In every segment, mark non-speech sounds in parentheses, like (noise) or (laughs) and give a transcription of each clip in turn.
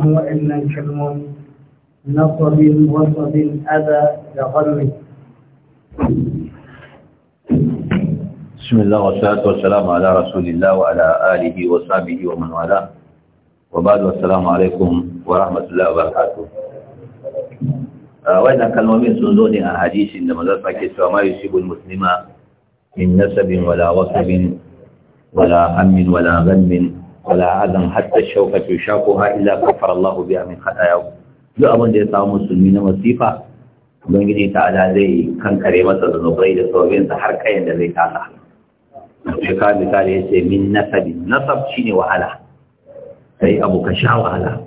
هو إن الكلم نصب وصب أذى لغلبه بسم الله والصلاة والسلام على رسول الله وعلى آله وصحبه ومن والاه وبعد والسلام عليكم ورحمة الله وبركاته آه، وإن كلمة من عن حديث إن مدرسة كسوى ما يصيب المسلمة من نسب ولا وصب ولا هم ولا غم wala azan hatta shauka tu shaquha illa kafara Allah biha kad'a" khatayahu duk abin da ya samu musulmi na masifa ubangiji ta'ala zai kankare masa zunubai da sauransa har kayan da zai kasa sai ka misali ya ce min nasabi nasab ne wahala sai abu ka sha wahala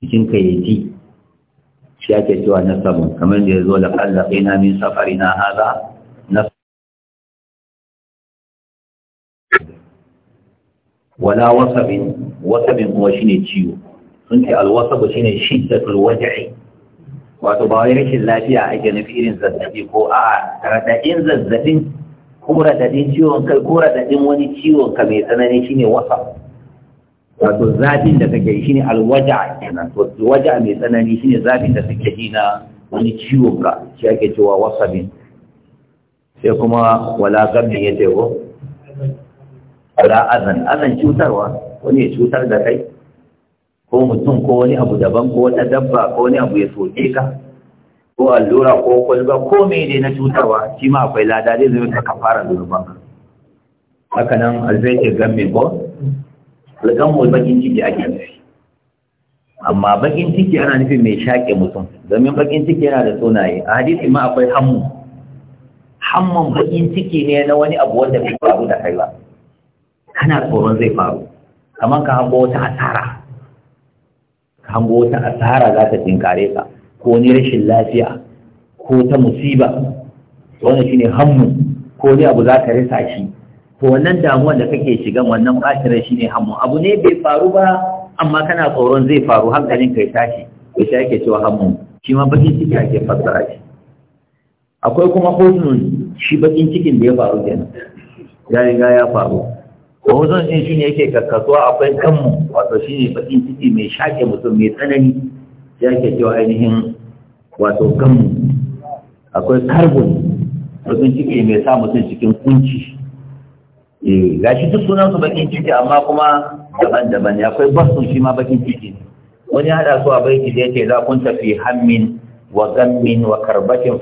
cikin ka ji shi ake cewa nasabin? kamar da ya zo da kallafina min safari na haza wala wasabin wasabin kuma shine ciwo sun ce alwasabu shine shiddatul waj'i wato ba wai rashin lafiya ake nufi irin zazzabi ko a'a radadin zazzabin ko radadin ciwon kai ko radadin wani ciwon ka mai tsanani shine wasab wato zafin da kake shine alwaja kenan to waja mai tsanani shine zafin da kake ji na wani ciwon ka shi ake cewa wasabin sai kuma wala gabbi ya ce ko ala azan azan cutarwa wani ya cutar da kai ko mutum ko wani abu daban ko wata dabba ko wani abu ya soke ka ko allura ko kwalba ko mai ne na cutarwa shi ma akwai lada zai zama ka fara zurban ka haka nan mai gamme ko mu bakin ciki ake nufi amma bakin ciki ana nufi mai shaƙe mutum domin bakin ciki yana da sunaye a hadisi ma akwai hammu hammun bakin ciki ne na wani abu wanda bai faru da kai ba kana tsoron zai faru kamar ka hango wata asara ka hango wata asara za ta tinkare ka ko ni rashin lafiya ko ta musiba wannan shine hammu ko ni abu za ka rasa shi to wannan damuwar da kake shigan wannan bacin shine hammu abu ne bai faru ba amma kana tsoron zai faru hankalin ya tashi to shi yake cewa hammu shi ma bakin ciki ake fassara shi akwai kuma hotunun shi bakin cikin da ya faru kenan ya riga ya faru zan wahuzun shi ne yake karkasuwa akwai kanmu wato shi ne baƙi ciki mai shaƙe mutum mai tsanani ya ke cewa ainihin wato kanmu akwai karbon mutum ciki mai sa mutum cikin kunci eh, ga shi duk sunan su baƙin ciki amma kuma daban-daban ne akwai basu shi ma baƙin ciki ne wani haɗa su a baiki da yake za kun tafi hammin wa gammin wa karbatin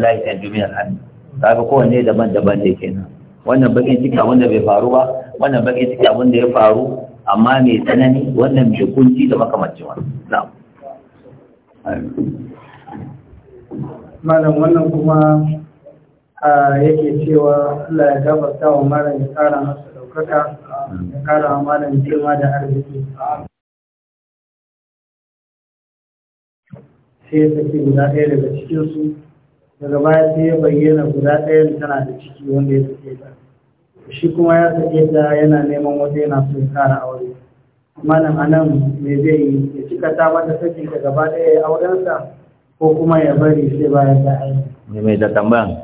lahi ta jumiyar hannu ta kaga kowanne daban-daban ne kenan wannan bakin ciki abin da bai faru ba wannan bakin ciki abin da ya faru amma mai tsanani wannan mai kunci da makamancin wani na'am malam wannan kuma yake cewa Allah ya gabata wa malam ya kara masa daukaka ya kara wa malam girma da arziki sai ya tafi guda ɗaya daga cikinsu daga baya sai ya bayyana guda ɗayan tana da ciki wanda ya sake ta shi kuma ya sake ta yana neman wata yana so ya kara aure malam nan me zai yi ya cika ta mata sakin ta gaba ɗaya ya aurensa ko kuma ya bari sai bayan ta aiki. Me mai da tambayan?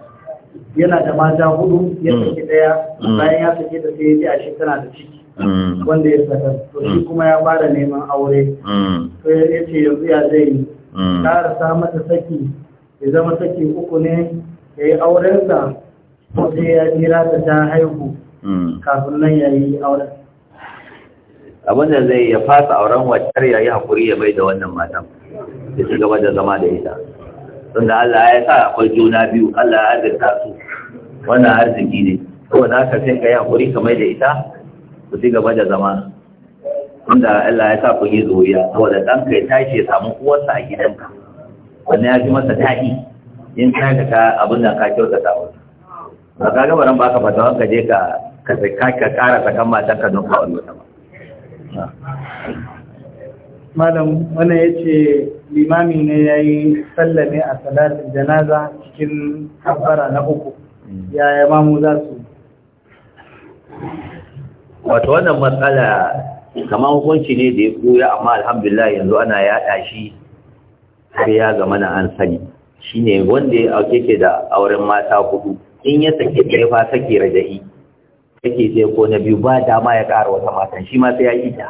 Yana da mata hudu ya mm. sake ɗaya mm. bayan ya sake ta sai ya ji a shi tana da ciki. Mm. wanda ya saka to shi kuma ya fara neman aure to ya ce yanzu ya zai yi ƙara mata saki ya zama take uku ne ya yi aurensa ko sai ya jira ta ta haihu hmm. kafin nan ya yi auren da zai ya fasa auren wacce ya yi haƙuri ya bai da wannan matan ya ci gaba da zama da ita tunda Allah ya sa akwai juna biyu Allah ya azurta su wannan arziki ne Kuma na ka sai ka yi haƙuri ka mai da ita ku ci gaba da zama tunda Allah ya sa ku yi zuriya saboda ɗanka ya tashi ya samu uwarsa a gidanka wannan ya fi masa daɗi in ka ka ta abin da ka kyauta ta wani ba ka gaba ran ba ka fata wanka je ka ka ka ƙara kan matan ka nufa wani wata ba malam wani ya ce limami ne ya yi sallame a salatin janaza cikin kafara na uku hmm. Ya yi mamu za su wato wannan matsala kamar hukunci ne da ya koya amma alhamdulillah yanzu ana yaɗa shi har ya ga mana an sani shine wanda ya yake da auren mata hudu in ya sake ɗaya fa sake raja'i sake sai ko na biyu ba dama ya ƙara wata matan shi ma sai ya idda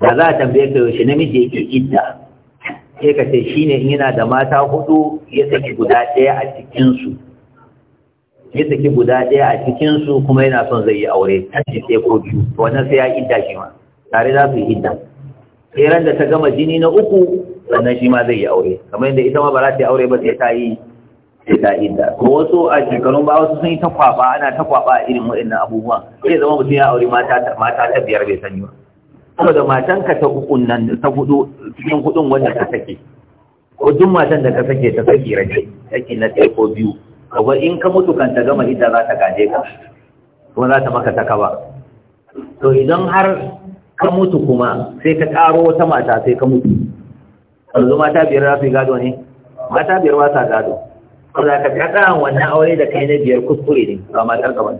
da za a tambaye ka yaushe namiji yake idda sai ka ce shine in yana da mata hudu ya sake guda ɗaya a cikinsu ya sake guda ɗaya a cikinsu kuma yana son zai yi aure tashi sai ko biyu wannan sai ya idda shi ma tare za su yi idda sai da ta gama jini na uku sannan shi ma zai yi aure kamar yadda ita ma ba za ta yi aure ba sai ta yi sai ta idda ko wasu a shekarun ba wasu sun yi ta kwaba ana ta kwaba a irin waɗannan abubuwan sai zama mutum ya aure mata mata ta biyar bai sani ba saboda matanka ta hukun nan ta hudu cikin hudun wanda ka sake ko duk matan da ka sake ta sake rage sake na ɗaya ko biyu Kuma in ka mutu kan ta gama idda za ta gaje ka kuma za ta maka ta kaba to idan har ka mutu kuma sai ka karo wata mata sai ka mutu yanzu mata biyar za su yi gado ne mata biyar ba sa gado za ka kaɗa wannan aure da kai na biyar kuskure ne ba matar ka bane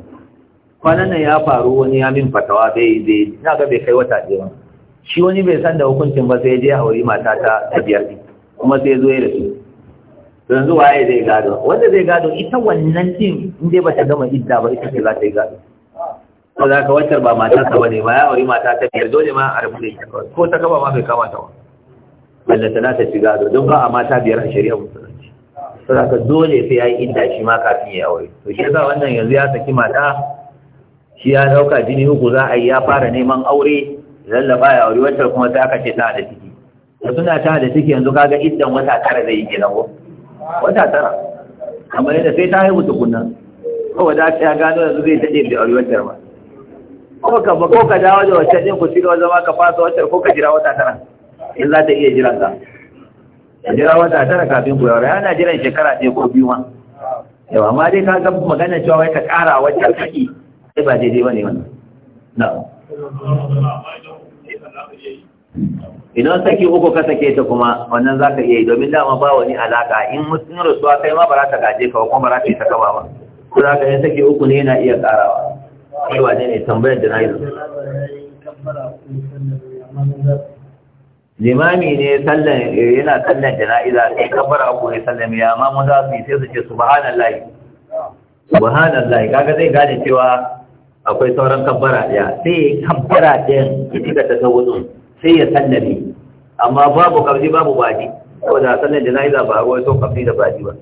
kwanan nan ya faru wani ya min fatawa bai bai na ga bai kai wata ɗaya shi wani bai san da hukuncin ba sai ya je aure mata ta biyar ne kuma sai ya zo ya rasu yanzu waye zai gado wanda zai gado ita wannan din in dai bata gama idda ba ita ce za ta yi gado ko za ka wancan ba matarsa ba ne ba ya auri mata ta biyar dole ma a rabu ita kawai ko ta kaba ma bai kamata ba wanda tana ta shiga da don ba a mata biyar a shari'a musulunci to za ka dole sai ya yi inda shi ma kafin ya aure to shi yasa wannan yanzu ya saki mata shi ya dauka jini uku za a yi ya fara neman aure lallaba ya aure wancan kuma sai aka ce ta da ciki da suna ta da ciki yanzu kaga idan wata tara zai yi kenan ko wata tara kamar yadda sai ta haihu tukunna kawai da ta gano yanzu zai daɗe da aure wancan ba ko ka ba ko ka dawo da wacce din ku cigaba zama ka fasa wacce ko ka jira wata tara in za ta iya jiran ka jira wata tara kafin ku yaura yana jiran shekara ɗaya ko biyu ma yawa amma dai ka ga magana cewa wai ka ƙara wacce kaki sai ba daidai ba ne wannan na idan saki uku ka sake ta kuma wannan za ka iya yi domin dama ba wani alaka in mutum rasuwa kai ma ba za ta gaje ka kuma ba za ta yi ta kama ba ko za ka yi saki uku ne yana iya karawa kai wane ne tambayar da na yi limami ne sallan eh, yana sallan jana'iza sai kafara ko ya sallan ya ma mu za su yi sai su ce subhanallahi subhanallahi kaga zai gane cewa akwai sauran kabbara ya sai ya din ɗayan ya cika ta wudu sai ya sallame amma babu kabji babu baji saboda sallan jana'iza ba ruwa to kabji da baji ba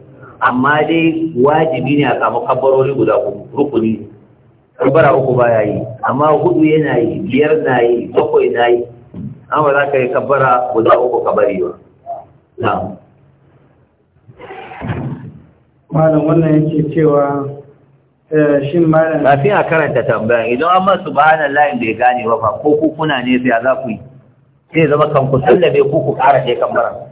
amma dai wajibi ne a samu kabbarori guda uku rukuni kabara uku baya yi amma hudu yana yi biyar na yi bakwai na yi amma za ka yi kabara guda uku ka bari ba na malam wannan yake cewa eh, shin malam kafin a karanta tambaya idan an masu bayanan layin da ya gane ba ko kuna ne sai a za ku yi sai zama kan ku sallame ku ku ƙara ke kabara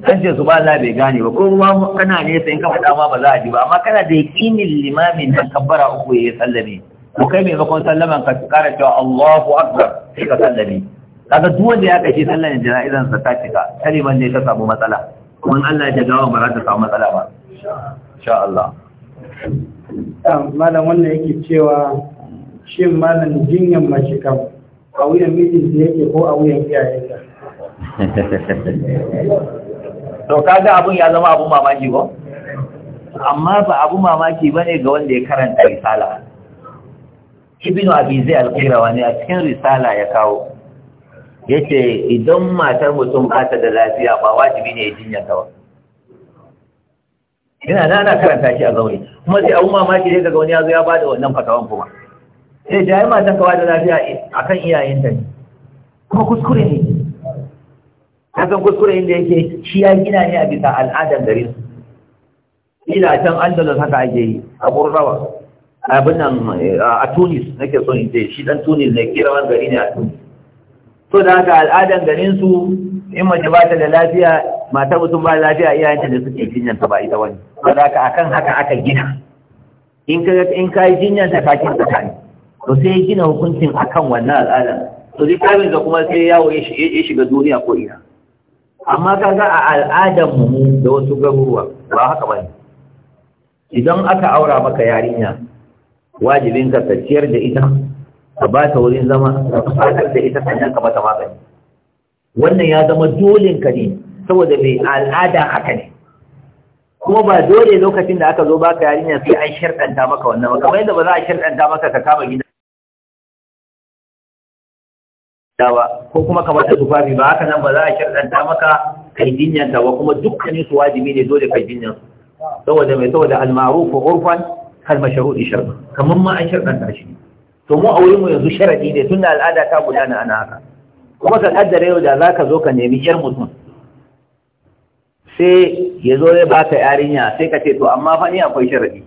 kashe su ba Allah bai gane ba ko ruwa kana ne sai in ka faɗa ma ba za a ji ba amma kana da yaqinin limamin da kabbara uku ya sallame ko kai mai bakon sallaman ka kara cewa Allahu akbar sai ka sallame kaga duk wanda ya kashe sallan jana'izan sa ta cika kaliman ne ta samu matsala kuma in Allah ya gawa ba za ta samu matsala ba insha Allah malam wannan yake cewa shin malam jinyan mace kam a wuyan mijinta yake ko a wuyan iyayenta to kaga abun ya zama abun mamaki ko amma ba abun mamaki ba ne ga wanda ya karanta risala ibn abi zai alqirawa ne a cikin risala ya kawo yace idan matar mutum ba ta da lafiya ba wajibi ne ya jinya ta ba ina na ana karanta shi a zaune. kuma sai abun mamaki ne daga wani ya zo ya bada wannan fatawan kuma sai da ya mata kawai da lafiya akan iyayenta ne kuma kuskure ne hakan kuskure inda yake shi ya gina ne a bisa al'adar garin su ila can andalus haka ake yi a burrawa abin nan eh, a tunis nake son in ce shi dan tunis ne kirawan gari ne a tunis to da haka al'adan garin su in mace ba ta da lafiya mata mutum ba lafiya iyayenta da suke ta ba ita wani to da haka akan haka aka gina in ka in ka yi ta ka kin ta to sai gina hukuncin akan wannan al'adan to zai kamin da kuma sai yawo ya shiga duniya ko ina amma kaga a al'adar mu da wasu garuruwa ba haka ba idan aka aura maka yarinya wajibin ka ka ciyar da ita ka ba ta wurin zama ka fatar da ita sannan ka mata magani wannan ya zama dole ka ne saboda mai al'ada haka ne kuma ba dole lokacin da aka zo baka yarinya sai an shirɗanta maka wannan ba kamar yadda ba za a shirɗanta maka ka kama gida dawa ko kuma ka ta tufafi ba haka nan ba za a shirɗanta maka kai jinyanta ba kuma dukkanin su wajibi ne dole kai jinyan saboda mai saboda ko urfan kal di shar'a kamar ma an shirɗanta shi to mu a wurin mu yanzu sharadi ne tunda al'ada ta gudana ana haka kuma ka kaddara yau da zaka zo ka nemi yar mutum sai ya zo ya baka yarinya sai ka ce to amma fa ni akwai sharadi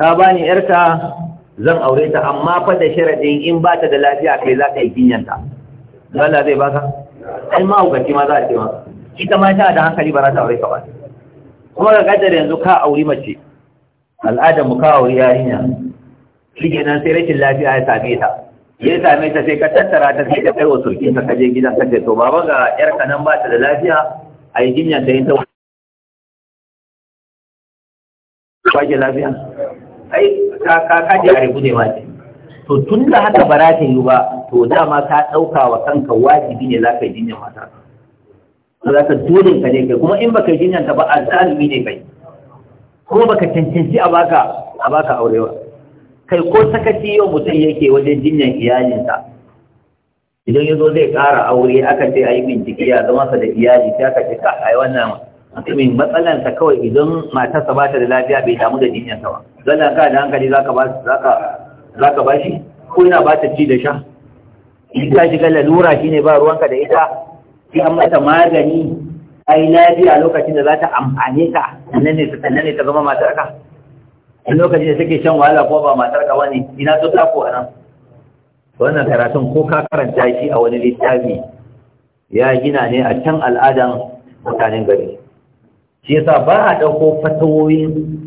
ka bani yarka zan aure ta amma fa da sharadin in ba ta da lafiya kai za ka yi jinyanta Allah zai baka ai ma hukunci ma za a ce maka ita ma ta da hankali ba za ta aure ka ba kuma ga gadar yanzu ka auri mace al'adar mu ka auri yarinya shi nan sai rashin lafiya ya same ta ya same ta sai ka tattara ta sai ka kai wa surkin ka kaje gidan ka ce to baba ga yar ka nan ba ta da lafiya a yi jinya da yi ta ke lafiya ai ka ka ka ji a rubu ne ma ce to tun da haka ba za ta yi ba to dama ka ɗauka wa kanka wajibi ne za ka yi jinyar mata to za ka dole ka ne kai kuma in baka yi jinyar ta ba a zalimi ne kai kuma baka cancanci a baka a baka aurewa kai ko sakaci yau mutum yake wajen jinyar iyalinsa idan ya zo zai ƙara aure aka ce a yi bincike ya zama sa da iyali sai aka ce ka a yi wannan mutumin matsalansa kawai idan matarsa ba ta da lafiya bai damu da jinyarsa ba zan ka da hankali za ka za ka bashi ko yana ba ta ci da sha in ka shiga lalura shi ne ba ruwanka da ita sai an mata magani ai lafiya lokacin da za ta amfane ka nan ne ta sannan ne ta zama matarka. ka lokacin da take shan wahala ko ba matar ka wani ina so ta ko nan wannan karatun ko ka karanta shi a wani littafi ya gina ne a can al'adan mutanen gari shi yasa ba a ɗauko fatawoyin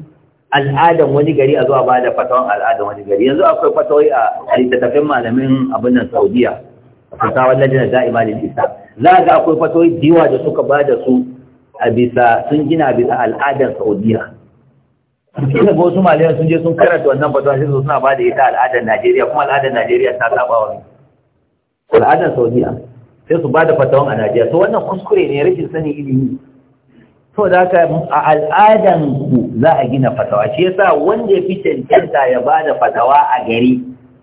al'adan wani gari a zuwa bada da fatawan al'adan wani gari yanzu akwai fatawai a littattafin malamin abin nan saudiya fatawar lajinar da'ima da isa za ga akwai fatawai diwa da suka ba da su a bisa sun gina bisa al'adan saudiya kila ga wasu malamai sun je sun karanta wannan fatawa sai suna bada ita al'adan najeriya kuma al'adan najeriya ta saba wa Al'adan saudiya sai su bada fatawan a najeriya to wannan kuskure ne rashin sanin ilimi to da ka a al'adan ku za a gina fatawa shi yasa wanda ya fi cancanta ya ba da fatawa a gari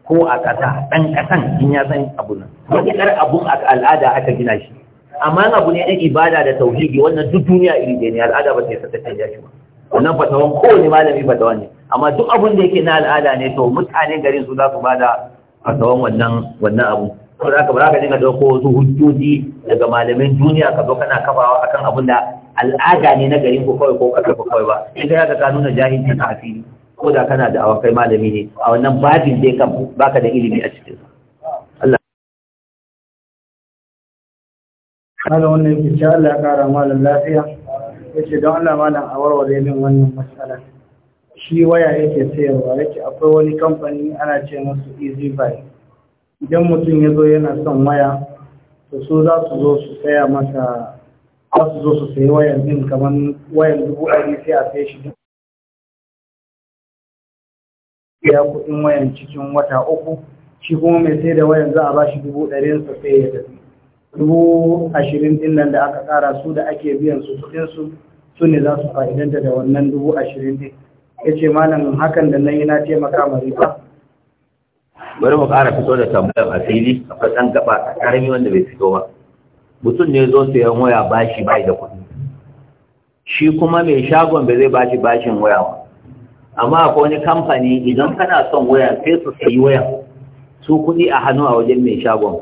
ko a ƙasa ɗan ƙasan in ya san abu nan matuƙar abun a al'ada aka gina shi amma abu ne ɗan ibada da tauhidi wannan duk duniya iri ɗaya ne al'ada ba sai ta canja shi ba wannan fatawan kowane malami fatawa ne amma duk abun da yake na al'ada ne to mutane garin su za su ba da fatawan wannan wannan abu ko za ka ba za ka dinga ɗauko wasu hujjoji daga malamin duniya ka zo kana kafawa akan abun da al'ada ne na garin ku kawai ko ƙasar ku kawai ba in ka ka nuna jahilci a fili ko da kana da awakai malami ne a wannan babin dai kan baka da ilimi a cikin Allah Allah wannan yake cewa Allah ya kara malam lafiya yace don Allah malam a warware min wannan matsala. shi waya yake sayarwa yake akwai wani kamfani ana ce musu easy buy idan mutum ya zo yana son waya to su za su zo su saya masa za su zo su sayi wayan din kamar wayan dubu ɗari sai a sai shi ya kuɗin wayan cikin wata uku shi kuma mai sai da wayan za a ba shi dubu ɗarin sa sai ya tafi dubu ashirin din nan da aka ƙara su da ake biyan su kuɗin su su ne za su fa'idanta da wannan dubu ashirin din ya ce malam hakan da nan yana taimaka ma riba bari mu ƙara fito da tambayar asiri a fasan gaba a ƙarami wanda bai fito ba mutum ne zo sayan waya bashi bai da kuɗi shi kuma mai shagon ba zai bashi bashin waya ba amma akwai wani kamfani idan kana son waya sai su sayi waya su kuɗi a hannu a wajen mai shagon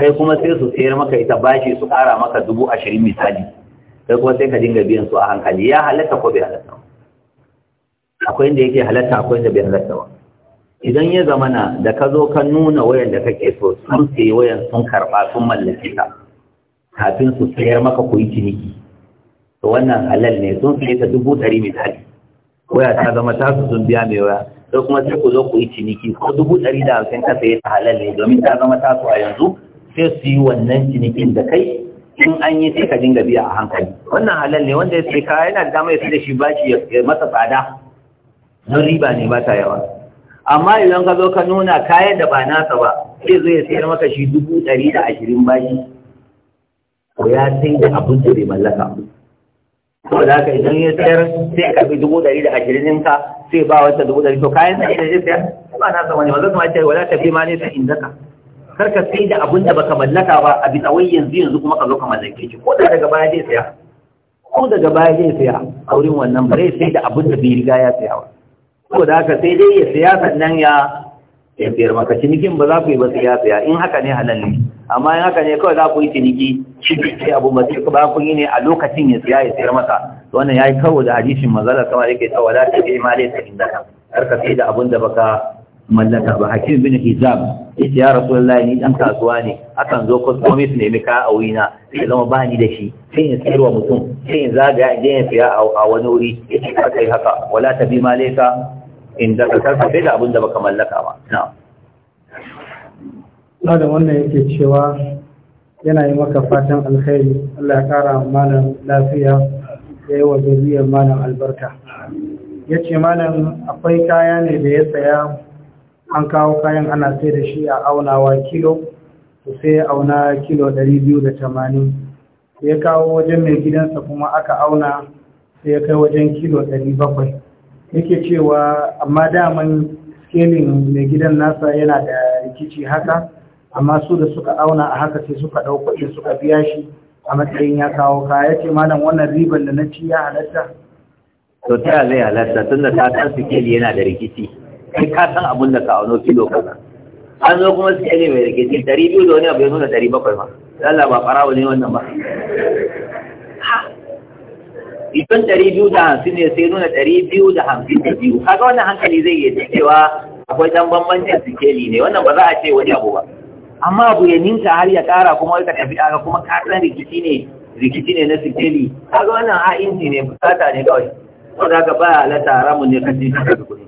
kai kuma sai su sayar maka ita bashi su ƙara maka dubu ashirin misali kai kuma sai ka dinga biyan su a hankali ya halatta ko bai halatta akwai inda yake halatta akwai inda bai halatta ba idan ya zamana da ka zo ka nuna wayan da kake so sun sayi wayan sun karɓa sun mallake ta kafin su sayar maka ku yi ciniki to wannan halal ne sun fiye ta dubu ɗari misali waya ta zama tasu sun biya mai waya sai kuma sai ku zo ku yi ciniki ko dubu ɗari da hamsin ka sai ta halal ne domin ta zama tasu a yanzu sai su yi wannan cinikin da kai in an yi sai ka dinga biya a hankali wannan halal ne wanda ya sai ka yana da dama ya fi da shi bashi ya masa tsada don riba ne ba ta yawa amma idan ka zo ka nuna kayan da ba nasa ba sai zai sayar maka shi dubu ɗari da ashirin bashi ko ya sai da abin da bai mallaka ko da haka idan ya sayar sai ka bi dubu ɗari da ashirin ka sai ba wata dubu ɗari to kayan sa idan ya sayar ba na sa ne ba zan ma ce wala bi ma ne ta indaka kar ka sai da abin da baka mallaka ba a bisa wai yanzu yanzu kuma ka zo ka mallake shi ko da daga baya zai saya ko daga baya zai saya a wurin wannan ba zai sai da abin da bai riga ya saya ba ko da haka sai dai ya saya sannan ya ya biyar maka cinikin ba za ku yi ba sai ya saya in haka ne halalli ne amma yin haka ne kawai za ku yi ciniki shi ne abu masu ba ku yi ne a lokacin ya siya ya sayar masa wannan ya yi kawo da hadisin mazalar kamar yake ta wala ta bi malai ta indaka har ka sai da abin da baka mallaka ba hakim bin hizab yace ya rasulullahi ni dan kasuwa ne akan zo customer su nemi ka a na. sai zama ba ni da shi sai in sayarwa mutum sai in zagaya in je in siya a wani wuri yace ka yi haka wala ta bi malai ka kar ka sai da abin da baka mallaka ba na'am da wannan yake cewa yana yi maka fatan alkhairi Allah ya kara malam lafiya ya yi wa zuriyar malam albarka ya ce malam akwai kaya ne da ya saya an kawo kayan ana sai da shi a aunawa kilo to sai ya auna kilo 280 ya kawo wajen mai gidansa kuma aka auna sai ya kai wajen kilo 700 yake cewa amma daman scaling mai gidan nasa yana da rikici haka amma su da suka auna a haka sai suka ɗau kuɗi suka biya shi a matsayin ya kawo kaya ce malam wannan riban da na ci ya halatta to ta zai halatta da ta san sikeli yana da rikici kai ka san abin da ka auno kilo kaza an zo kuma sikeli mai rikici dari biyu da wani abu ya nuna dari bakwai ma lalla ba farawa ne wannan ba idan dari biyu da hamsin ne sai nuna dari biyu da hamsin da biyu kaga wannan hankali zai iya cewa akwai dan bambancin sikeli ne wannan ba za a ce wani abu ba amma abu ya ninka har ya kara kuma ka tafi daga kuma ka san rikici ne rikici ne na sikeli kaga wannan inji ne bukata ne kawai ko za ka baya halatta haramun ne kace ka tafi kuɗi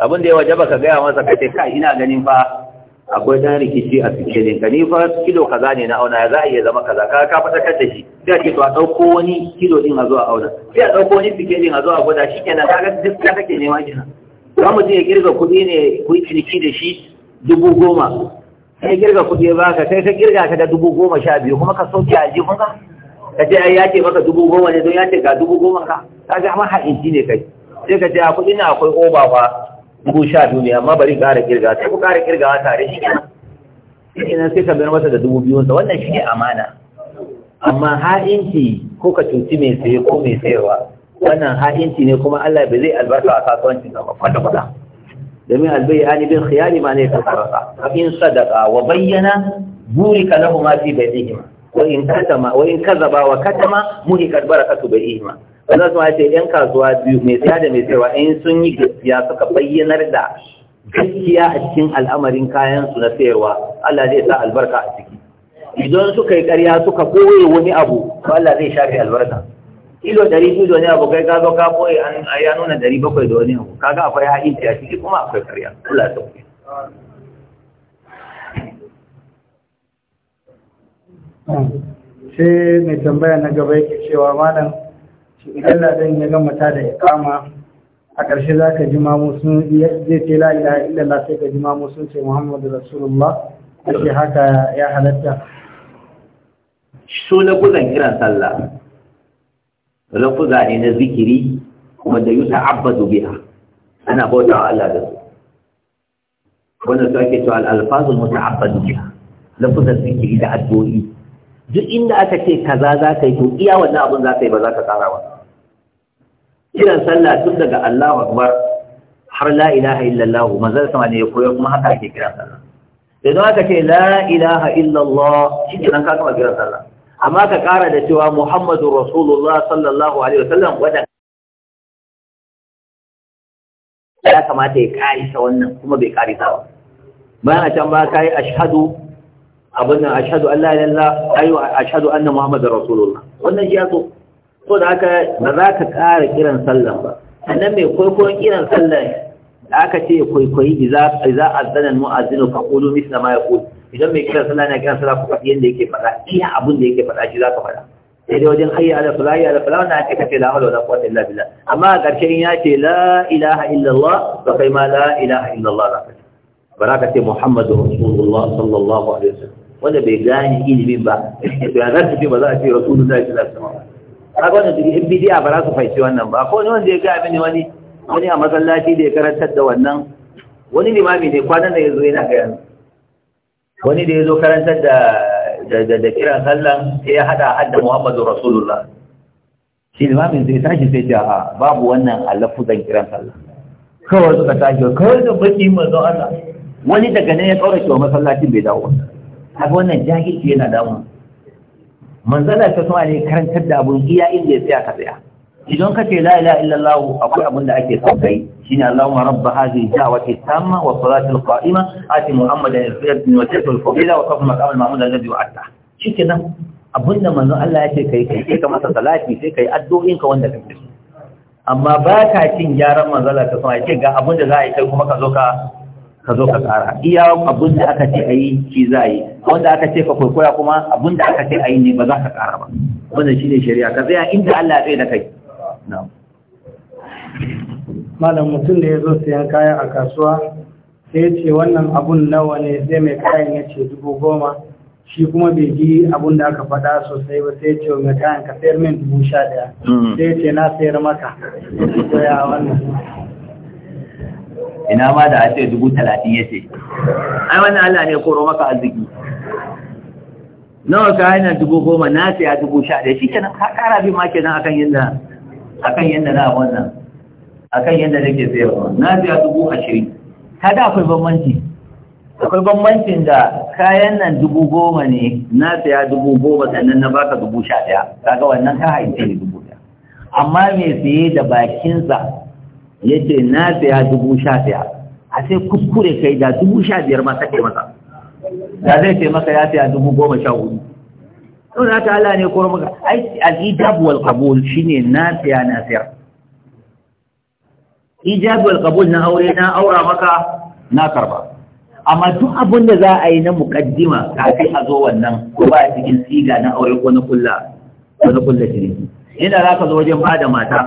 abin da ya wajaba ka gaya masa kace kai ina ganin fa akwai dan rikici a sikelin ka ni fa kilo kaza ne na auna ya za a iya zama kaza ka ka fata kace shi sai ce to a dauko wani kilo din a zuwa auna sai a dauko wani sikelin a zuwa a gwada shikenan kaga duk ka take nema kina za mu je ya kirga kuɗi ne kuɗi ciniki da shi dubu goma sai girga kuɗi ba ka sai ka girga ka da dubu goma sha biyu kuma ka sauke a kun ka ka ce ai ya ce maka dubu goma ne don ya ce ga dubu goma ka ka ga amma ha'inci ne kai sai ka ce a kuɗi na akwai oba fa dubu sha biyu ne amma bari ƙara girga sai ku ƙara girgawa tare shi kenan kenan sai ka bayar masa da dubu biyunsa wannan shi ne amana amma ha'inci ko ka cuci mai saye ko mai sayarwa wannan ha'inci ne kuma Allah bai zai albarka a kasuwancin ka ba kwata-kwata domin albayyani bil khiyari ma ne ta fa in sadaqa wa bayyana burika lahuma fi baytihima wa in katama wa in kazaba wa katama muhikat barakatu baytihima wannan su ce yan kasuwa biyu mai tsaya da mai tsayawa in sun yi gaskiya suka bayyanar da gaskiya a cikin al'amarin kayan su na sayarwa Allah zai sa albarka a ciki idan suka yi ƙarya suka koye wani abu to Allah zai shafe albarka Ilo ɗari biyu da wani abu kai ka ka boye an ya nuna ɗari bakwai da wani abu kaga akwai ha'inci a ciki kuma akwai karya kula da kuɗi sai mai tambaya na gaba yake cewa malam shi idan ladan ya gama ta da ikama a ƙarshe za ka ji mamu sun zai ce la ilaha illallah sai ka ji mamu sun ce muhammadu rasulullah ake haka ya halatta su na gudun kiran sallah lafuza ne na zikiri kuma da yusa ta'abbadu biha ana bauta wa Allah da su wanda su ake cewa al'alfazul muta'abbadu biha lafuzan zikiri da addu'o'i duk inda aka ce kaza za ka yi to iya wannan abin za ka yi ba za ka tsara ba kiran sallah tun daga Allahu akbar har la ilaha illallah manzon sama ne ya koyo kuma haka ake kiran sallah idan aka ce la ilaha illallah shi ne nan ka kama kiran sallah amma ka ƙara da cewa muhammadu rasulullah sallallahu alaihi wasallam wadda ya kamata ya ƙarisa wannan kuma bai ƙarisa ba bayan a can ba ka yi ashadu abin nan ashadu Allah ya lalla ayi ashadu anna muhammadu rasulullah wannan shi ya so so da haka ba za ka ƙara kiran sallan ba sannan mai kwaikwayon kiran sallan aka ce kwaikwayi iza azzana mu'azzinu fa qulu misla ma yaqul idan mai kira sallah ne kira sallah ku faɗi yanda yake faɗa iya abin da yake faɗa shi zaka faɗa sai dai wajen hayya ala sallah ya ala sallah wannan ake kace la hawla wala quwwata illa billah amma a ƙarshen ya ce la ilaha illa Allah fa kai ma la ilaha illa Allah zaka ce baraka ce Muhammadu Rasulullah sallallahu alaihi wasallam wanda bai gane ilimin ba to ya zaka ce ba za a ce Rasulullahi sallallahu alaihi wasallam kaga wannan duk bidiya ba za su fahimci wannan ba ko ne wanda ya ga abin wani wani a masallaci da ya karantar da wannan wani limami ne kwanan da ya zo yana gaya wani da ya zo karantar da da kiran sallan sai ya hada hadda muhammadu rasulullah shi limamin zai tashi sai da babu wannan alafuzan kiran sallan kawai suka tashi kawai da baki mazan Allah wani daga nan ya kaurace wa masallacin bai dawo haka wannan jahilci yana damu manzala ta sama ne karantar da abun iya inda ya tsaya ka tsaya idan ka ce la illallahu akwai abin da ake son kai Shi shine Allahumma rabb hadhihi da'wati tamma wa salati al-qa'ima ati muhammadan al-fiyyat wa tatul fadila wa qaf maqam al-mahmud alladhi nan shikenan da manzon Allah ya ce kai kai sai ka masa salati sai kai addu'in ka wanda kake so amma ba ka cin gyaran manzala ta sama ce ga abin da za a yi kai kuma ka zo ka ka zo ka tsara iya abin da aka ce a yi shi za a yi wanda aka ce ka kwaikwaya kuma abin da aka ce a yi ne ba za ka tsara ba wannan shi ne shari'a ka tsaya inda Allah ya tsaye da kai malam mutum da ya zo siyan kaya a kasuwa sai ya ce wannan abun nawa ne sai mai kayan ya ce dubu goma shi kuma bai ji abun da aka faɗa sosai ba sai ya ce mai kayan ka sayar min dubu sha ɗaya mm-hmm. sai ya ce na sayar maka ya wannan ina ma da a ce dubu talatin ya ce ai wannan Allah ne koro maka arziki nawa kayan hanyar dubu goma na saya dubu sha ɗaya shi kenan ka ƙara bi ma kenan akan yadda akan yadda na wannan akan yadda nake sayarwa na biya dubu ashirin ka da akwai bambanci akwai bambancin da kayan nan dubu goma ne na saya dubu goma sannan na baka dubu sha ɗaya kaga wannan ka haifi ne dubu ɗaya amma mai saye da bakinsa ya ce na saya dubu sha ɗaya a sai kuskure kai da dubu sha biyar ma kake masa da zai ce maka ya saya dubu goma sha hudu don ta Allah ne koro maka Aiki al-ijab wal qabul shine na siya na siyar ijab wal na aure na aura maka na karba amma duk abin da za a yi na muqaddima kafin a zo wannan ko ba a cikin siga na aure ko na kulla ko na kulla za ka zo wajen ba da mata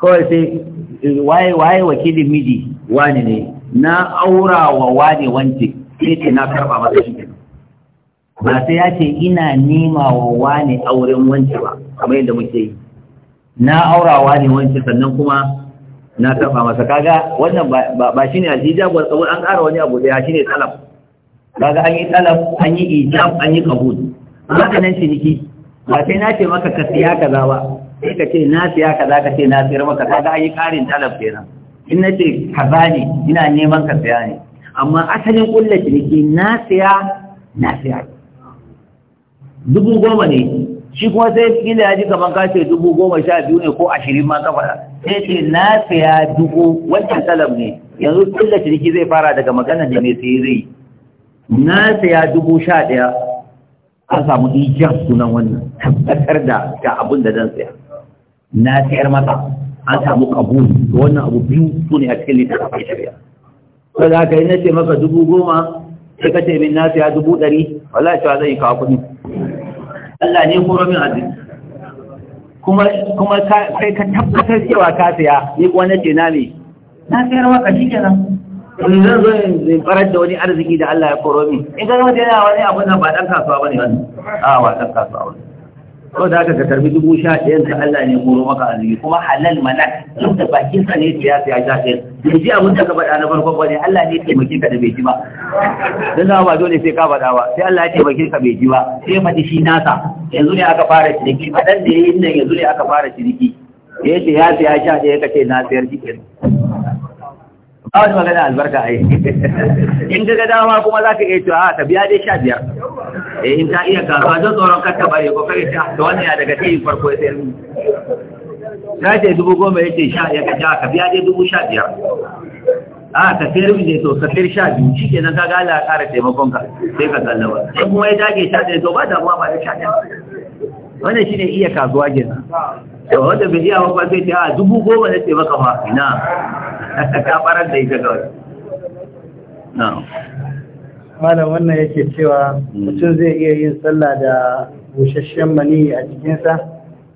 kawai sai waye waye wakilin miji wani ne na aura wa wani wance sai ce na karba masa shi ba sai ya ce ina nema wa wani auren wance ba kamar yadda muke yi na wa ne wance sannan kuma na taɓa masa kaga wannan ba shi ne alhijab wal an ƙara wani abu ne shine talab kaga an yi talab an yi ijab an yi kabul haka nan ciniki ba sai na ce maka ka siya kaza ba sai ka ce na siya kaza ka ce na siyar maka kaga an yi ƙarin talab kenan in na ce kaza ne ina neman ka siya ne amma asalin ƙulla ciniki na siya na siya dubu goma ne shi kuma sai kila ya ji kamar ka ce dubu goma sha biyu ne ko ashirin ma kafa sai ce na saya dubu wancan salam ne yanzu kila ciniki zai fara daga maganar da mai sai zai na saya dubu sha ɗaya an samu ijiyar sunan wannan tabbatar da ga abin da zan saya na sayar masa an samu kabul wannan abu biyu su ne a cikin littafin shari'a Kada ka haka yi na ce maka dubu goma sai ka ce min na saya dubu ɗari wallahi cewa zai kawo kuɗi Allah ne horo min aziz. kuma kuma kai ka tabbatar cewa ka saya ni na ce na ne. na sayar maka shi nan in zan zo in farar da wani arziki da Allah ya koro min in ga da yana wani abun nan ba dan kasuwa bane wannan a ba dan kasuwa bane kawai da aka ka karbi dubu sha ɗayan ta Allah ne goro maka arziki kuma halal malak da bakin sa ne ya ya sha ɗayan bai ji abin da ka faɗa na farko ba ne Allah ne taimake ka da bai ji ba dan ba dole sai ka faɗa ba sai Allah ya taimake ka bai ji ba sai faɗi shi nasa yanzu ne aka fara ciniki faɗan da yayin nan yanzu ne aka fara ciniki yace ya ya sha ɗaya ka ce na sayar shi kenan a wani magana albarka yi in ka ga dama kuma za ka iya cewa ah, a ka biya dai sha biyar eh in ta iya kasuwa don tsoron kar bari ko kare ta da wannan ya daga ta yi farko ya sayar ta yi dubu goma ya ce sha ya ja ah, ka biya dai dubu sha biyar a ah, ka sayar mu ne to ka sayar sha biyu shi nan ka gala a ƙara taimakon ka sai ka ba sai kuma ya dage sha ɗaya to ba damuwa ba da sha ɗaya wannan shine iya kasuwa kenan wanda bai iya ba sai a dubu goma na taimaka ma ina (laughs) ka da malam wannan yake cewa hmm. mutum zai iya yin sallah da busasshen mani a jikinsa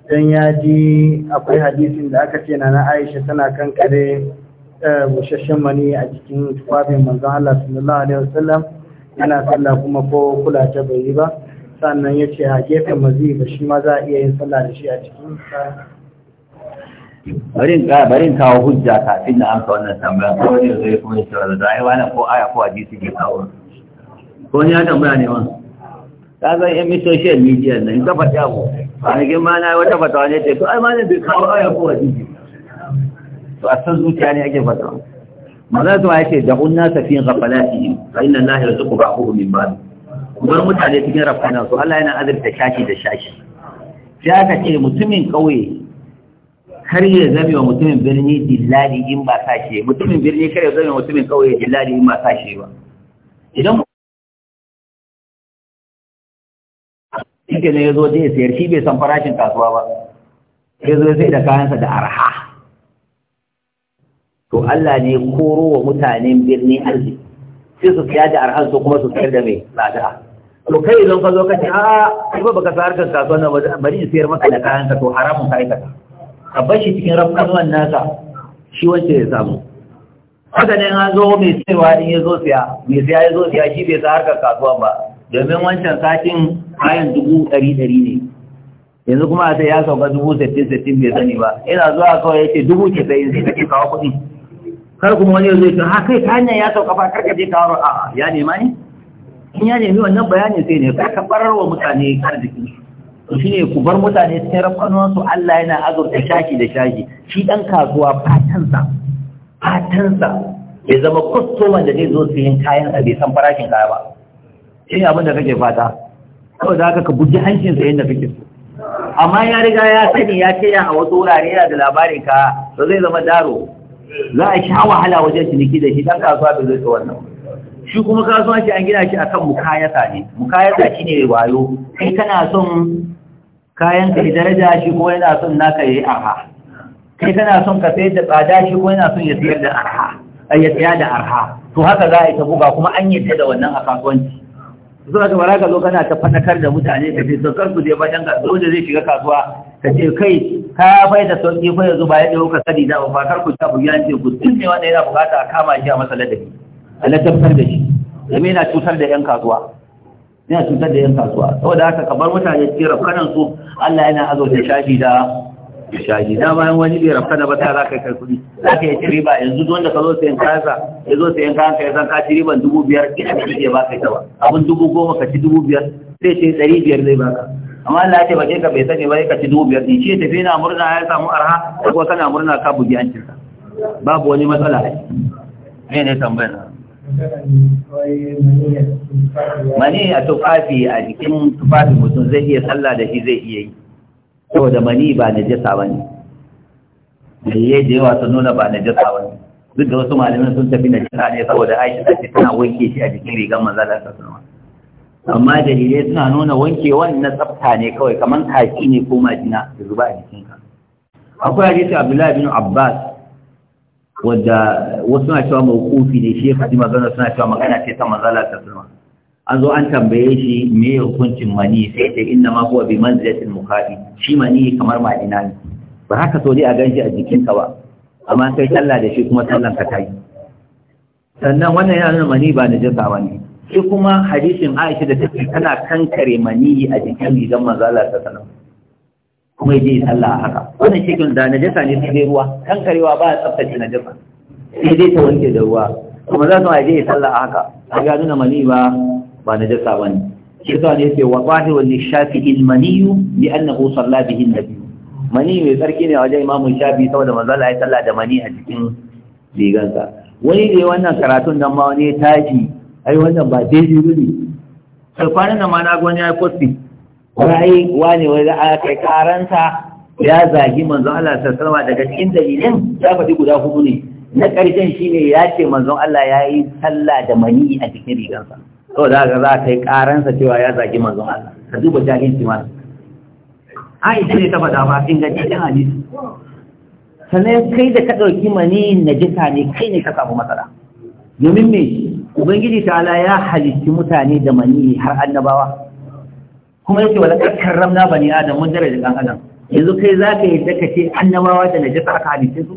don ya ji akwai hadisin da aka ce na na aisha tana kan kare eh, busasshen mani a cikin tufafin manzon Allah sallallahu alaihi wasallam yana sallah kuma ko kula ta bai yi ba sannan ya ce a gefen mazi ba shi ma za a iya yin sallah da shi a cikin bari kawo hujja kafin na amsa wannan tambaya ko ne zai kuma yi shawarar da ya wani ko aya ko hadisi ke kawo ko ne ya tambaya ne wani ta zan yi mito social media nan ta ya bu a nagin ma na wata fata wani ce to ai ma ne bai kawo aya ko hadisi to a san zuciya ne ake fatawa maza zuwa ya ce da unna inda na fa inna ba ku umi min ba'd bar mutane cikin rafana su Allah yana azurta shashi da shashi sai aka ce mutumin ƙauye. kar ya zame wa mutumin birni dillali in ba sa shi mutumin birni kar ya zame wa mutumin kauye dillali in ba sa shi ba idan shike ne ya zo zai sayar shi bai san farashin kasuwa ba ya zo sai da kayansa da arha to Allah ne koro wa mutanen birni arziki sai su siya da arha su kuma su sayar da mai lada to kai idan ka zo ka ce a ba baka sa harkar kasuwa na bari in sayar maka da kayansa to haramun ka aikata a bashi cikin rafkanuwan nasa shi wacce ya samu haka ne an zo mai sayarwa in ya zo siya mai siya ya zo siya shi bai sa harkar kasuwa ba domin wancan satin kayan dubu ɗari ɗari ne yanzu kuma a sai ya sauka dubu sittin sittin bai sani ba ina zuwa kawai ya ce dubu ke sai sai kake kawo kuɗi kar kuma wani zai ce ha kai hanyar ya sauka ba kar ka je kawo a ya nema ne in ya nemi wannan bayanin sai ne kar ka farar wa mutane arzikin to ne ku bar mutane cikin rafkanuwansu Allah yana azurta shaki da shaki? shi ɗan kasuwa fatansa fatansa ya zama kwastoman da zai zo su yin kayan a bai san farashin kaya ba shi abin da kake fata kawai da haka ka buji hancin sa yadda kake so amma ya riga ya sani ya ce a wasu wurare yana da labarin ka to zai zama daro za a sha wahala wajen ciniki da shi ɗan kasuwa bai zai ta wannan shi kuma kasuwanci an gina shi akan mukayata ne mukayata shine wayo kai kana son kayan ka yi daraja shi ko yana son naka yi arha kai kana son ka sayar da tsada shi ko yana son ya sayar da arha ya saya da arha to haka za a yi ta buga kuma an yadda da wannan a kasuwanci zuwa ga bara ka zo kana ta fadakar da mutane ka ce to karku je bayan ga dole zai shiga kasuwa ka ce kai ka bai da sauki fa yanzu ba ya dawo ka sani da ba karku ta buya ce ku tunne ne wanda yana bukata a kama shi a da ladabi a ladabtar da shi domin yana cutar da yan kasuwa yana cutar da yan kasuwa saboda haka kamar mutane cikin rafkanan su Allah yana azurta shaji da shashi da bayan wani bai rafa da bata za ka kai kuɗi za ka yi ci riba yanzu wanda ka zo sayan kaza ya zo sayan kayanka ya san ka ci riban dubu biyar ina da kike ba kai ta ba abin dubu goma ka ci dubu biyar sai ce ɗari biyar zai baka amma Allah ya ce bake ka bai sani ba ka ci dubu biyar din shi tafi na murna ya samu arha ko kana murna ka bugi hancinsa babu wani matsala ne ne tambayar mani a tufafi a jikin tufafi mutum zai iya sallah da shi zai iya yi saboda mani ba na jasa ba ne dalilai da yawa sun nuna ba na jasa ba ne duk da wasu malamin sun tafi na jasa ne saboda aiki ta ce tana wanke shi a jikin rigar maza da ta sanarwa amma dalilai suna nuna wanke na tsafta ne kawai kamar kaki ne ko majina da zuba a jikinka akwai hadisi abdullahi bin abbas wadda wasu na cewa mawqufi ne shi ya magana suna cewa magana ce ta manzala ta suna an zo an tambaye shi me hukuncin mani sai ta inna ma huwa bi manzilatil mukhati shi mani kamar ma'ina ne ba haka so dai a ganshi a ka ba amma kai sallah da shi kuma sallan ka tayi sannan wannan yana nuna mani ba najasa ba ne shi kuma hadisin Aisha da take tana kankare mani a jikin rigar manzala ta sama kuma yaje sallah haka wannan shekin da najasa ne sai ruwa ruwa kankarewa ba ya tsaftace najasa sai dai ta wanke da ruwa kuma za su aje ya sallah a haka a ga nuna mani ba ba najasa ba ne shi sa ne sai wa zahirul shafi al-maniyu bi annahu salla bihi an-nabi mani mai tsarki ne a wajen imamu shafi saboda manzo Allah ya sallah da mani a cikin rigansa wani ne wannan karatun nan ma wani ya tashi ai wannan ba daidai bane sai kwanan nan ma na ga wani ya kosti wani wani wai za a kai karanta ya zagi manzon Allah sallallahu daga cikin dalilin ya fadi guda hudu ne na ƙarshen shine ya ce manzon Allah ya yi sallah da mani a cikin rigansa to da ga za ka yi karansa cewa ya zagi manzon Allah ka duba jahilci ma Aisha ne ta faɗa ma ingantaccen hadisi sannan kai da ka ɗauki mani na najisa ne kai ne ka samu matsala domin me ubangiji Ala ya halitti mutane da mani har annabawa kuma yake wala karramna bani adam mun daraja kan adam yanzu kai za ka da ka ce annabawa da najasa aka halice su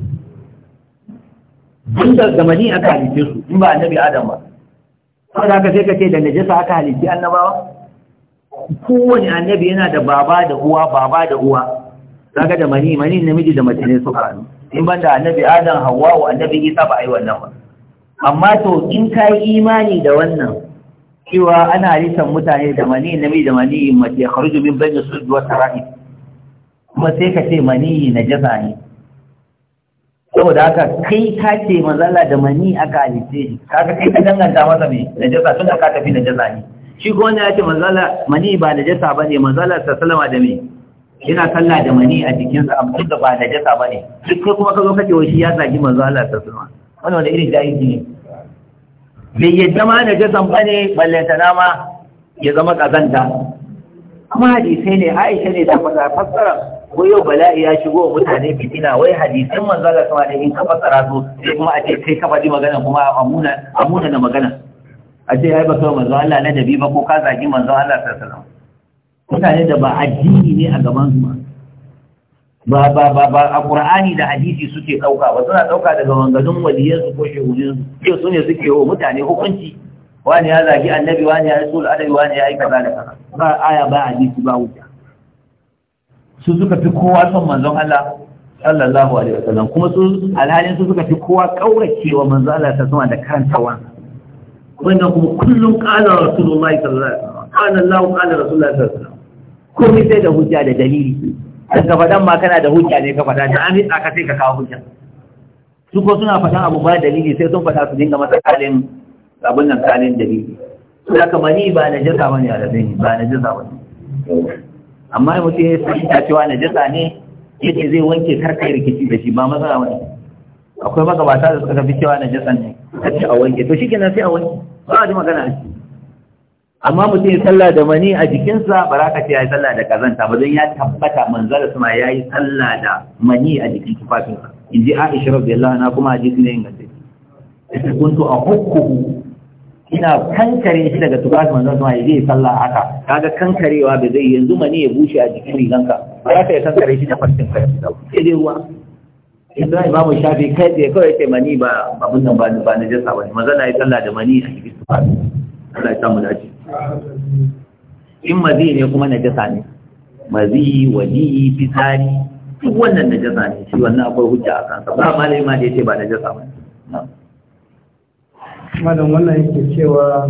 tun da gamani aka halice su in ba annabi adam ba za ka sai ka ce da najasa aka halitta annabawa kowane annabi yana da baba da uwa baba da uwa za ka da mani mani namiji da mace ne suka hannu in banda annabi adam hawa wa annabi isa ba a yi wannan ba amma to in ka yi imani da wannan cewa ana halittar mutane da mani namiji da mani mace ya kharuju min bayna sujud wa tara'ib kuma sai ka ce mani na jaza ne saboda haka kai ka ce mazala da mani aka halitta shi kaga kai ka danganta masa mai jaza tun da ka tafi jaza ne shi ko wanda ya ce mazala mani ba na jaza ba ne mazala ta salama da mai yana sallah da mani a sa amma da ba jaza ba ne duk kai kuma ka zo ka ce wai shi ya zagi mazala ta salama wani wanda irin jahilci ne bai yadda ma jaza ba ne ballantana nama ya zama kazanta amma hadisai ne aisha ne ta faɗa fassara ko yau bala'i ya shigo wa mutane fitina wai hadisin manzo Allah sama da in ka fasara su sai kuma a ce kai ka faɗi magana kuma a muna a na magana a ce ai baka manzo Allah na dabi ba ko ka zagi manzo Allah sallallahu alaihi wasallam mutane da ba addini ne a gaban su ba ba ba ba a Qur'ani da hadisi suke dauka ba suna dauka daga wangadun waliyan su ko shehunin su ke sune suke wa mutane hukunci wani ya zagi annabi wani ya rasul adabi wani ya aika da kaza ba aya ba hadisi ba wuce su suka fi kowa son manzon Allah sallallahu alaihi wasallam kuma su alhalin su suka fi kowa kaurakewa manzon Allah ta zama da karantawan wannan kuma kullum qala rasulullahi sallallahu alaihi wasallam qala Allah qala rasulullahi sallallahu alaihi wasallam komai sai da hujja da dalili dan fadan ma kana da hujja ne ka fada da amin ka sai ka kawo hujja su ko suna fadan abu ba dalili sai sun fada su dinga masa kalin abun nan kalin dalili to haka mani ba jaza bane a da ba jaza bane amma in mutum ya ta cewa jasa ne yake zai wanke yi rikici da shi ba a wani akwai magabata da suka fi cewa na jasa ne ce a wanke to shi shikenan sai a wanke ba a ji magana shi amma mutum ya sallah da mani a jikinsa ba za ka ce ya yi sallah da kazanta ba don ya tabbata manzara suna ya yi sallah da mani a jikin tufafinsa in ji aisha rabbi allah na kuma jikin ne ingantacce kuntu a hukuku ina kankare shi daga tukas manzon sama ya zai sallah haka kaga kankarewa da zai yanzu mani ya bushe a jikin riganka ba za ka ya kankare shi da farcin ka sai dai ruwa idan mu shafi kai tsaye kawai yake mani ba abin nan ba ba na jasa ba ne manzon na yi sallah da mani a cikin Ba Allah ya samu dace in mazi ne kuma na jasa ne mazi wali fitsari duk wannan na jasa ne shi wannan akwai hujja a kansa ba malai ma da ya ce ba na jasa ba ne malam wannan yake cewa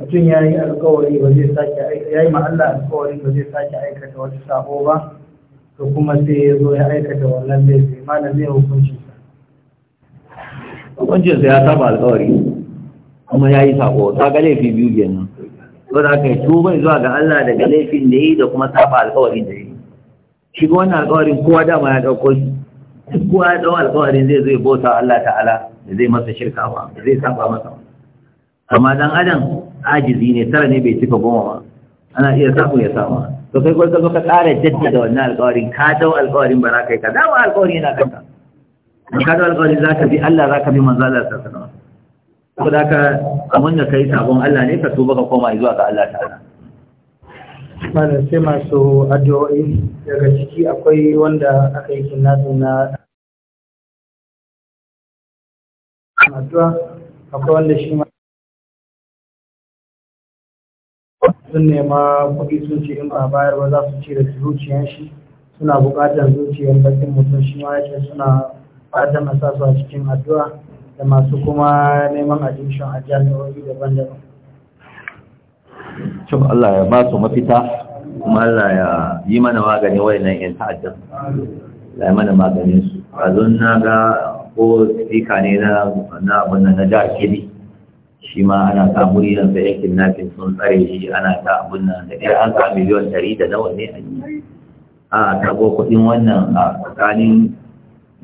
mutum ya yi alkawari ba zai sake ya yi ma'alla alkawari ba zai sake aikata wata sabo ba to kuma sai ya zo ya aikata wannan laifi malam zai hukunci hukuncinsa ya saba alkawari kuma ya yi sabo ta ga laifi biyu kenan ko da kai bai zuwa ga Allah daga laifin da yi da kuma saba alkawarin da yi shi ga wannan alkawarin kowa dama ya dauko shi kowa ya dau alkawarin zai zo ya bauta Allah ta'ala zai masa shirka ba zai saba masa amma dan adam ajizi ne tara ne bai cika goma ba ana iya samu ya sama to kai kwarka zo ka ƙara jaddada wannan alƙawarin ka dau alƙawarin ba za ka yi ka dawo alƙawarin yana kanka in ka dau alƙawarin za ka bi Allah za ka bi manzo Allah wasallam Ko da ka abin da kai sabon Allah ne ka tuba ka koma zuwa ga Allah ta'ala Mana sai masu addu'o'i daga ciki akwai wanda aka yi kinnatin na addu'a akwai wanda shi ma sun nema kuɗi sun ce in ba bayar ba za su cire zuciyan shi suna buƙatar zuciyan bakin mutum shi ma yake suna fatan a su a cikin addu'a da masu kuma neman admission a jami'o'i daban-daban. Cin Allah ya ba su mafita kuma Allah ya yi mana magani wayannan 'yan ta'addan. Allah mana maganin su. A zon na ga ko sika ne na abin da na ja kiri shi ma ana sa muryan sa yakin nafin sun tsare shi ana ta abin nan da ɗaya an sa miliyon ɗari da nawa ne a yi a tabo kuɗin wannan a tsakanin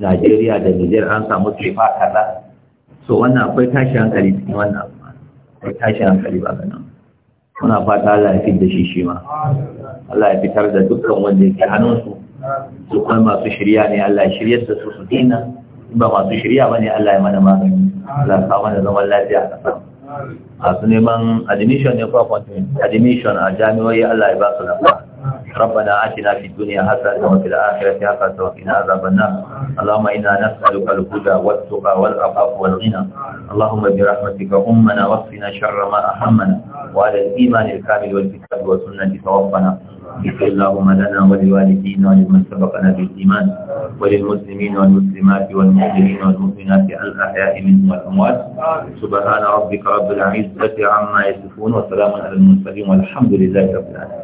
najeriya da nijar an samu tefa kaza so wannan akwai tashi hankali cikin wannan akwai tashi hankali ba ganin muna fata Allah ya fitar da shi shi ma Allah ya fitar da dukkan wanda ke hannunsu su kuma masu shirya ne Allah ya shiryar da su su dina ba masu shirya ba ne Allah ya mana magani Allah ya mana zaman lafiya a ƙasa masu neman admission ne ko appointment admission a jami'o'i Allah ya ba su lafiya ربنا آتنا في الدنيا حسنة وفي الآخرة حسنة وقنا عذاب النار اللهم إنا نسألك الهدى والتقى والعفاف والغنى اللهم برحمتك أمنا واصفنا شر ما أهمنا وعلى الإيمان الكامل والكتاب والسنة توفنا اغفر اللهم لنا ولوالدينا ولمن سبقنا بالايمان وللمسلمين والمسلمات والمؤمنين والمؤمنات الاحياء منهم والاموات سبحان ربك رب العزه عما يصفون وسلام على المرسلين والحمد لله رب العالمين